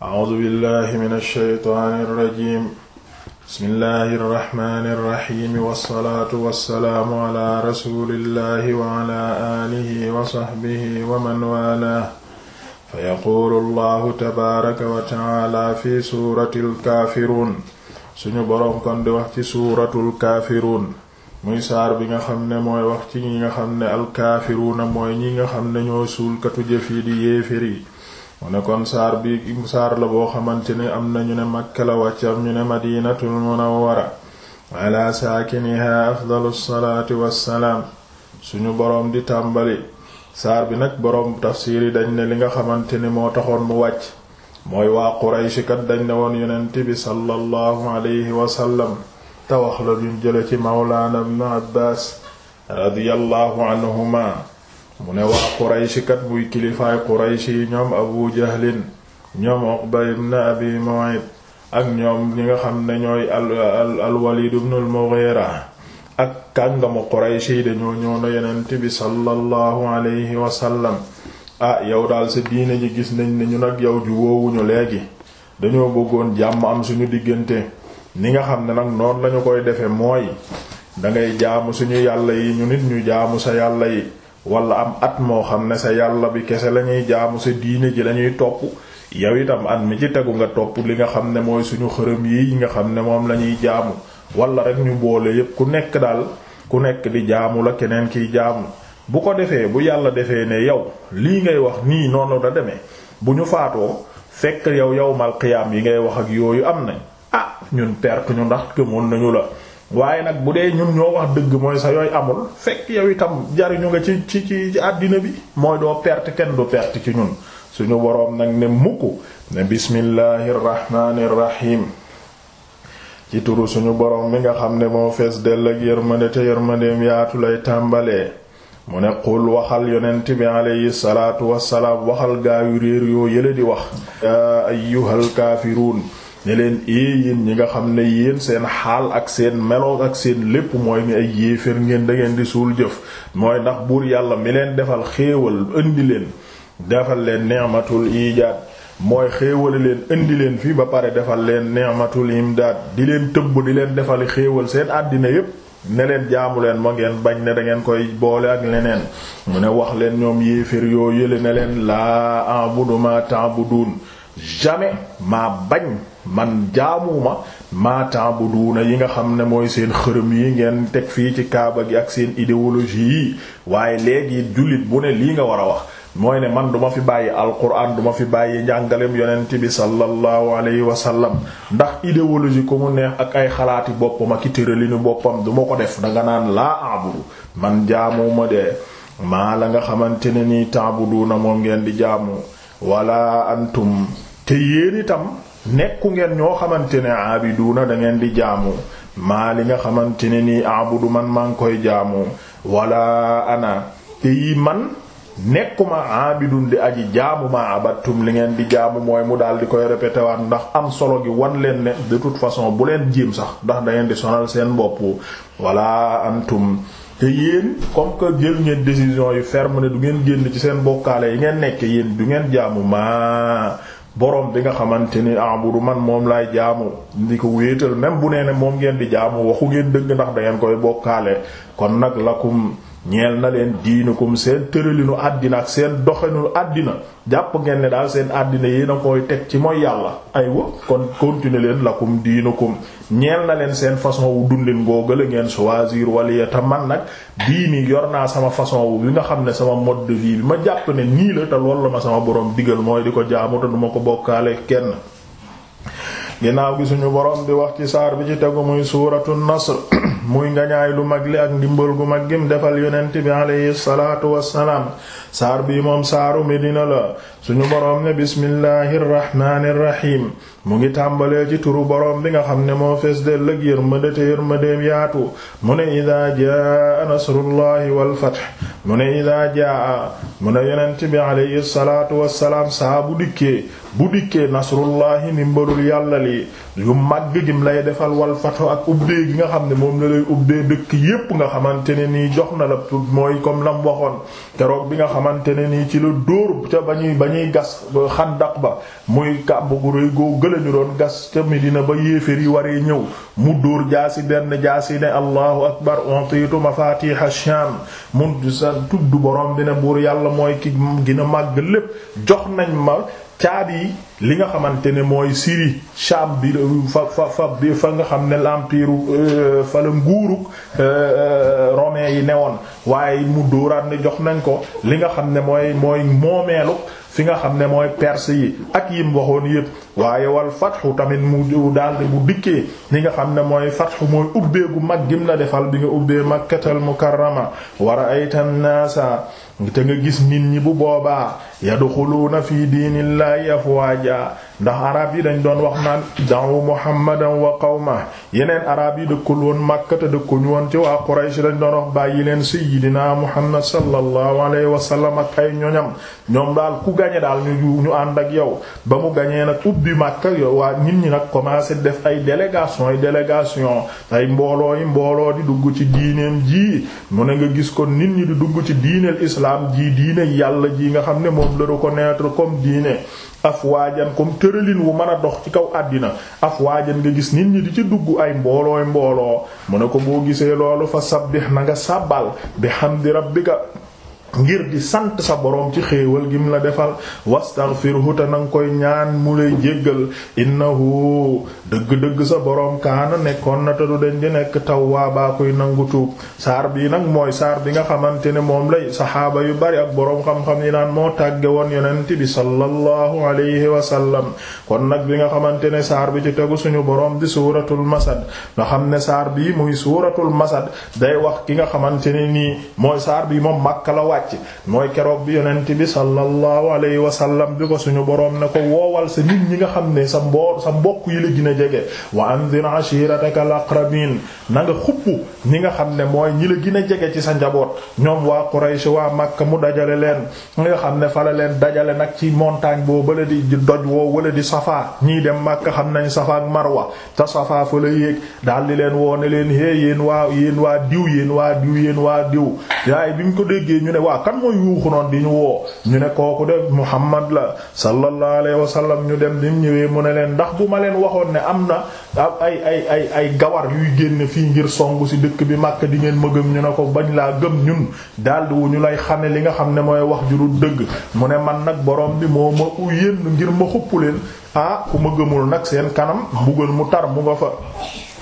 A'uuzu billaahi mina shaytaani rajiim. Bismillaahi rahmaani rahiim. Wassalaatu wassalaamu alaa rasuulillaahi wa alaa aalihi wa sahbihi wa man waalaah. Fayaquulu Allaahu tabaaraka wa ta'aalaa fi suuratil kaafiruun. Suñu boroom kon di wax ci suuratul kaafiruun. muy saar bi nga xam ne mooy wax ci ñi nga xam ne alkaafiruuna mooy ñi nga xam ne ñoo suulkatu jëf yi di yéefér yi mu ne kon saar bi saar la boo xamante ne am ñu ne Makka la wàcc am ñu ne Madinatul Munawwara ala saakiniha afdalu salaatu wassalaam suñu boroom di tàmbali saar bi nag boroom tafsiir yi dañ ne li nga xamante ne moo taxoon mu wàcc mooy waa Quraysh dañ ne woon yonent bi sallallahu alayhi wasallam te wax la duñ jële ci mawlaana ibn Abbaas radiyallahu anhuma mu ne wax Quraysh kat buy kilifaay Quraysh yi ñoom Abu Jahlin ñoom Uqba ibn Abi Mu'ayt ak ñoom ñi nga xam ne ñooy al al Walid ibn al-Mughira ak kàngamu Quraysh yi dañoo ñëw na Yonent bi sallallahu alayhi wa sallam ah yow daal sa diine ji gis nañ ne ñun ak yow ju woowuñu léegi dañoo bëggoon jàmm am suñu diggante ni nga xam ne nag noonu lañu koy defe mooy dangay jaamu suñu yàlla yi ñu nit ñu jaamu sa yàlla yi wala am at moo xam ne sa yàlla bi kese lañuy jaamu sa diine ji lañuy topp yow itam at mi ci tegu nga topp li nga xam ne mooy suñu xërëm yi nga xam ne moom lañuy jaamu wala rek ñu boole yépp ku nekk daal ku nekk di jaamu la keneen kiy jaamu bu ko defee bu yàlla defee ne yow lii ngay wax nii noonu da demee bu ñu faatoo fekk yow yawmal qiyaam yi ngay wax ak yooyu am nañ ah ñun perte ñu ndax gëmoon nañu la waaye nag bu dee ñun ñoo wax dëgg mooy sa yooyu amul fekk yow itam jariñu nga ci ci ci àddina bi mooy doo perte kenn du perte ci ñun suñu boroom nag ne mukk ne bismillahir rahmanir rahim ci turu suñu boroom mi nga xam ne moo fees dell ak yërmande te yërmandeem yaatu lay tàmbalee mu ne qul waxal yonent bi alayhi salaatu wassalaam waxal gaayu réer yoo yële di wax yaa ayyuhal kaafiruun ne leen ee eh, yéen ñi nga xam ne yéen seen xaal ak seen melo ak seen lépp mooy ni ay yéeféer ngeen dangeen di suul jëf mooy ndax buur yàlla mi leen defal xéewal indi leen defal leen ni'matul ijaad mooy xéewale leen indi leen fii ba pare defal leen ni'matul imdaad di leen tëbb di leen defal xéewal seen àddina yépp ne leen jaamu leen ma ngeen bañ ne dangeen koy boole ak leneen mu ne wax leen ñoom yéeféer yoo yële ne leen la en bu a'budu ma ta'budun jamais maa bañ man jaamuma maa ta'buduna yi nga xam ne mooy seen xërëm yi ngeen teg fii ci kaaba gi ak seen idéologie yi waaye léegi jullit bu ne lii nga war a wax mooy ne man duma fi bàyyi alquran duma fi bàyyi njàngaleem yonent bi sallallahu alayhi wa sallam ndax idéologie ko mu neex ak ay xalaati boppam ak i tëralinu boppam duma ko def danga naan laa aabudu man jaamuma de maa la nga xamante ne nii ta'buduna moom ngeen di jaamu wala antum te yéen itam nekku ngeen ñoo xamante ne aabiduuna da ngeen di jaamu maa li nga xamante ne nii aabudu man maa ngi koy jaamu wala ana te yi man nekkuma aabidun di aji jaamu ma abattum li ngeen di jaamu mooy mu daal di koy répété waat ndax am solo gi wan leen ne de toute façon bu leen jéem sax ndax da ngeen di sonal seen bopp wala antum te yéen comme que jël ngeen décision yu ferme ne du ngeen génn ci seen bokkaale yi ngeen nekk yéen du ngeen jaamu ma borom bi nga xamante ni a'budu man moom laay jaamu ndi ko wéetal même bu nee ne moom ngeen di jaamu waxu ngeen dëgg ndax da ngeen koy bokkaale kon nag lakum ñeel na leen diinukum seen tëralinu àddina ak seen doxalinu àddina jàpp ngeen ne daal seen àddina yi a koy teg ci mooy yàlla aywa kon continuer leen lakum diinukum ñeel na leen seen façon wu dundin googale ngeen choisir wala te man nag diini yor naa sama façon wu bi nga xam ne sama mode de bi ma jàpp ne nii la te loolu la ma sama borom digal mooy di ko jaamu te du ma ko bokkaale kenn. ginnaaw gi suñu borom di wax ci saar bi ci tegu muy muy ngañaay lu mag li ak ndimbal gu mag gim defal yonent bi alayhi salaatu wassalaam saar bii moom saaru Medina la suñu boroom ne bismillahi rrahmaani rrahim mu ngi tàmbalee ci turu boroom nga xam ne moo fees del lëg yërmande yaatu mu ne idaa jaa nasrullahi wal fath mu ne idaa jaa mu ne yonent bi saa bu dikkee bu dikkee nasrullahi ndimbalul yàlla li yu màgg gim lay defal wal fath ak ubbee gi nga xam ne moom la lay ubbee dëkk yépp nga xamante ne nii jox na la mooy comme lam waxoon keroog bi nga xamante ne nii ci la dóor ca ba ñuy ba ñuy gas xandaq ba muy kàbb gu rëy goo gële ñu doon gas ca Medina ba yéefér yi waree ñëw mu dóor si benn jaasi ne allahu akbar ontiitu mafatih ash-sham mun sa tudd borom bi ne buur yàlla mooy kii gën a màgg lépp jox nañ ma caabi yi li nga xamante ne mooy Syrie Sham bi fa fa fa fa nga xam ne l'empire euh, fa la nguurug euh, romain yi ne woon waaye mu dóoraat ne jox nañ ko li nga xam ne mooy mooy fi nga xam ne mooy perse yi ak yim waxoon yépp waaye wal fatxu tamit mu daldi bu dikkee li nga xam ne mooy fatxu mooy ubbee gu mag gim la defal bi nga ubbee Makkatal Mukarrama wa ra'aytan naasa te nga gis nit ñi bu boobaa yadxuluuna fi diinillaahi afwaaja ndax araab yi dañ doon wax naan da'u muhammadan wa qawma yeneen arab yi dëkkul woon Makka te dëkkuñu woon ci waa Quraysh dañ doon wax bàyyi leen sayyidina muhammad sallallahu alayhi wa sallam ak ay ñoñam ñoom daal ku gañe daal ñu ñu ànd ak yow ba mu gañee nag ubbi màkk yow waa nit ñi nag commencé def ay délégation yi délégation ay mbooloo yi mbooloo di dugg ci diineem ji mu ne nga gis ko nit ñi di dugg ci diineel islam ji diine yàlla ji nga xam ne moom la reconnaître comme diine afwaajan comme tëralin wu mën a dox ci kaw àddina afwaajan nga gis nit ñi di ci dugg ay mboolooy mbooloo mu ne ko boo gisee loolu fa sabbih na nga sàbbal bi rabbika ngir di sant sa boroom ci xéewal gim la defal wastaghfirhu te nang koy ñaan mu lay jéggal innahu dëgg-dëgg sa boroom kaana nekkoon na te du den di nekk baa koy nangu tuub saar bii nag mooy saar bi nga xamante ne moom lay saxaaba yu bari ak boroom xam-xam yi naan moo tàggee woon yonent bi sallallahu alayhi wa sallam kon nag bi nga xamante ne saar bi ci tegu suñu boroom di suuratul masad nga xam ne saar bii muy suuratul masad day wax ki nga xamante ne wàcc mooy keroog bi yonent bi sallallahu alayhi wa sallam bi ko suñu sa nit ñi nga xam ne sa mboor sa mbokk yi la gën a jege wa anzir ashiratakal aqrabin na nga xupp ñi nga xam ne mooy ñi la gën a ci sa njaboot ñoom waa Quraysh waa Makka mu dajale leen nga xam ne fa la leen dajale nag ci montagne boo bala di doj woo wala di Safa ñii dem Makka xam nañ Safa ak Marwa te Safa fa la yéeg daal di leen woone leen hé yéen waa yéen waa diw yéen waa diw yéen waa diw yaay bi ñu ko déggee ñu ne waa kan mooy yuuxu noon di ñu woo ñu ne kooku de Muhammad la sallallahu alayhi wa sallam ñu dem ni ñëwee mu ne leen ndax bu ma leen waxoon ne am na ay ay ay ay gawar yuy génn fii ngir song si dëkk bi Makka di ngeen ma gëm ñu ne ko bañ laa gëm ñun daldi wu ñu lay xame li nga xam ne mooy wax ju dëgg mu ne man nag borom bi moo ma yéen ngir ma xupp leen ah ku ma gëmul nag seen kanam mbugal mu tar mu nga fa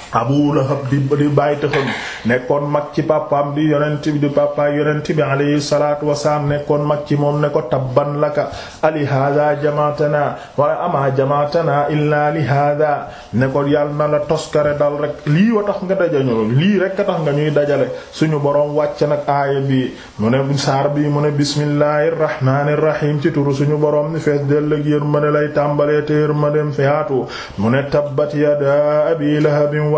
Abu Lahab di di bàyyi tëxam nekkoon mag ci papaam di yonent bi di papa yonent bi alayhi salaatu wasalaam nekkoon mag ci moom ne ko tabban laka ali hada jamaatana wala ama jamaatana illaa li hada ne ko yàlla na la toskare dal rek lii wa tax nga dajañu lii rek a tax nga ñuy dajale suñu boroom wàcc nag aaya bi mu ne saar bi mu ne bismillahir rahmanir rahim ci turu suñu boroom ni fees dellëg yër ma ne lay tàmbalee te yër ma dem ne tabbat yada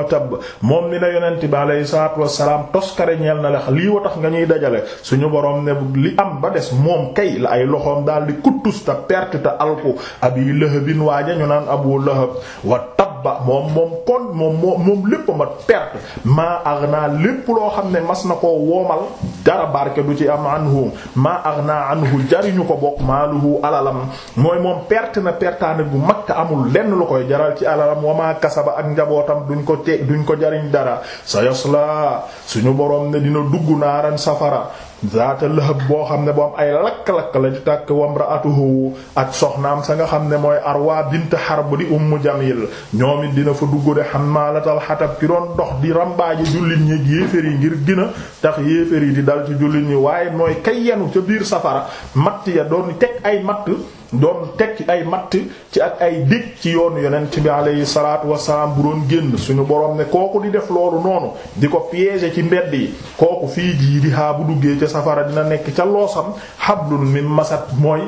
wa tabb moom ni la yonent bi alayhi salaatu wassalaam toskare ñeel na la lii tax nga ñuy dajale suñu borom ne li am ba des moom kay la ay loxoom daal di kuttus te perte te alku abi lahabin waaja ñu naan abu lahab wa tabb xabba moom moom kon moom moom lépp ma perte maa aghnaa lépp loo xam ne mas na koo woomal dara barke du ci am anhu maa aghnaa anhu jariñu ko bokk maaluhu alalam mooy moom perte na pertaane bu mag te amul lenn lu koy jaral ci alalam wa maa kasaba ak njabootam duñ ko te duñ ko jariñ dara sayasla suñu borom ne dina dugg naaran safara zaata lahab boo xam ne bu am ay lakk-lakk la di tàkk wamraatuhu ak soxnaam sa nga xam ne mooy Arwa bint Harb di ummu Jamil ñoom it dina fa dugg de hammaalatal hatab ki doon dox di rambaaji jullit ñi yéeféer yi ngir gën a tax yéeféer yi di dal ci jullit ñi waaye mooy kay yenu ca biir safara matt ya doon teg ay matt doon teg ay matt ci ak ay dig ci yoonu yonent bi alayhi salaatu wasalaam bu doon génn suñu borom ne kooku di def loolu noonu di ko piéger ci mbedd yi kooku fii jii di haa bu duggee ca safara dina nekk ca loosam hablun min masat mooy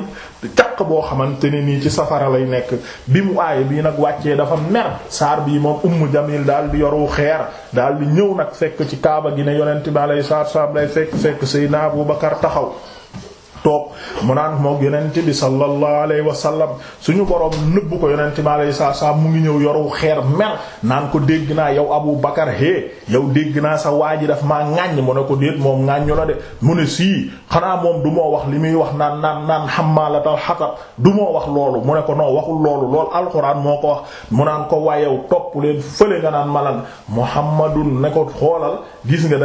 caq boo xamante ne nii ci safara lay nekk bi mu aaya bii nag wàccee dafa mer saar bii moom ummu jamil daal di yoru xeer daal di ñëw nag fekk ci kaaba gi ne yonent bi alayhi salaatu wasalaam lay fekk fekk Seydina Abu Bakar taxaw toog mu naan mook yonent bi sallallahu alayhi wa sallam suñu boroom nëbb ko yonent bi alayhi salaam mu ngi ñëw yoru xeer mer naan ko dégg naa yow Abu Bakar hé yow dégg naa sa waa ji daf maa ŋàññ mu ne ko déet moom ŋàññu la de mu ne sii xanaa moom du moo wax li muy wax naan naan naan xammaalatal xatab du moo wax loolu mu ne ko non waxul loolu lool alxuraan moo ko wax mu naan ko waayew topp leen fële nga naan malan muhammadun ne ko xoolal gis nga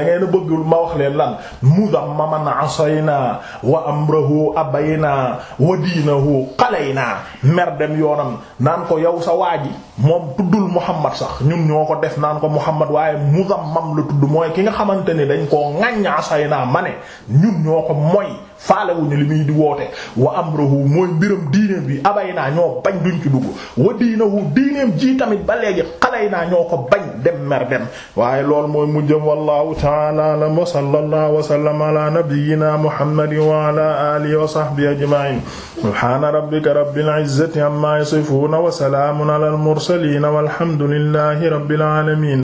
ma wax leen lan mudax maman asayna wa am amrahu abayna wa diinahu qalayna mer dem yoonam naan ko yow sa waa ji moom tuddul Muhammad sax ñun ñoo ko def naan ko Muhammad waaye mu muzammam la tudd mooy ki nga xamante ni dañ koo ŋaññaasay naa ma ne ñun ñoo ko moy faalewuñu li muy di woote wa amruhu mooy mbiram diineem bi abay naa ñoo bañ duñ ci dugg wa diinahu diineem ji tamit ba léegi xalay naa ñoo ko bañ dem mer dem waaye loolu mooy mujjëm wallahu ta'ala a'lam wa sallallahu wa sallama ala nabiyyina muhammadin wa ala alihi wa sahbihi ajma'in subhana rabbika rabbil izzati amma yasifun wa salamun ala al mursalin walhamdulillahi rabbil alamin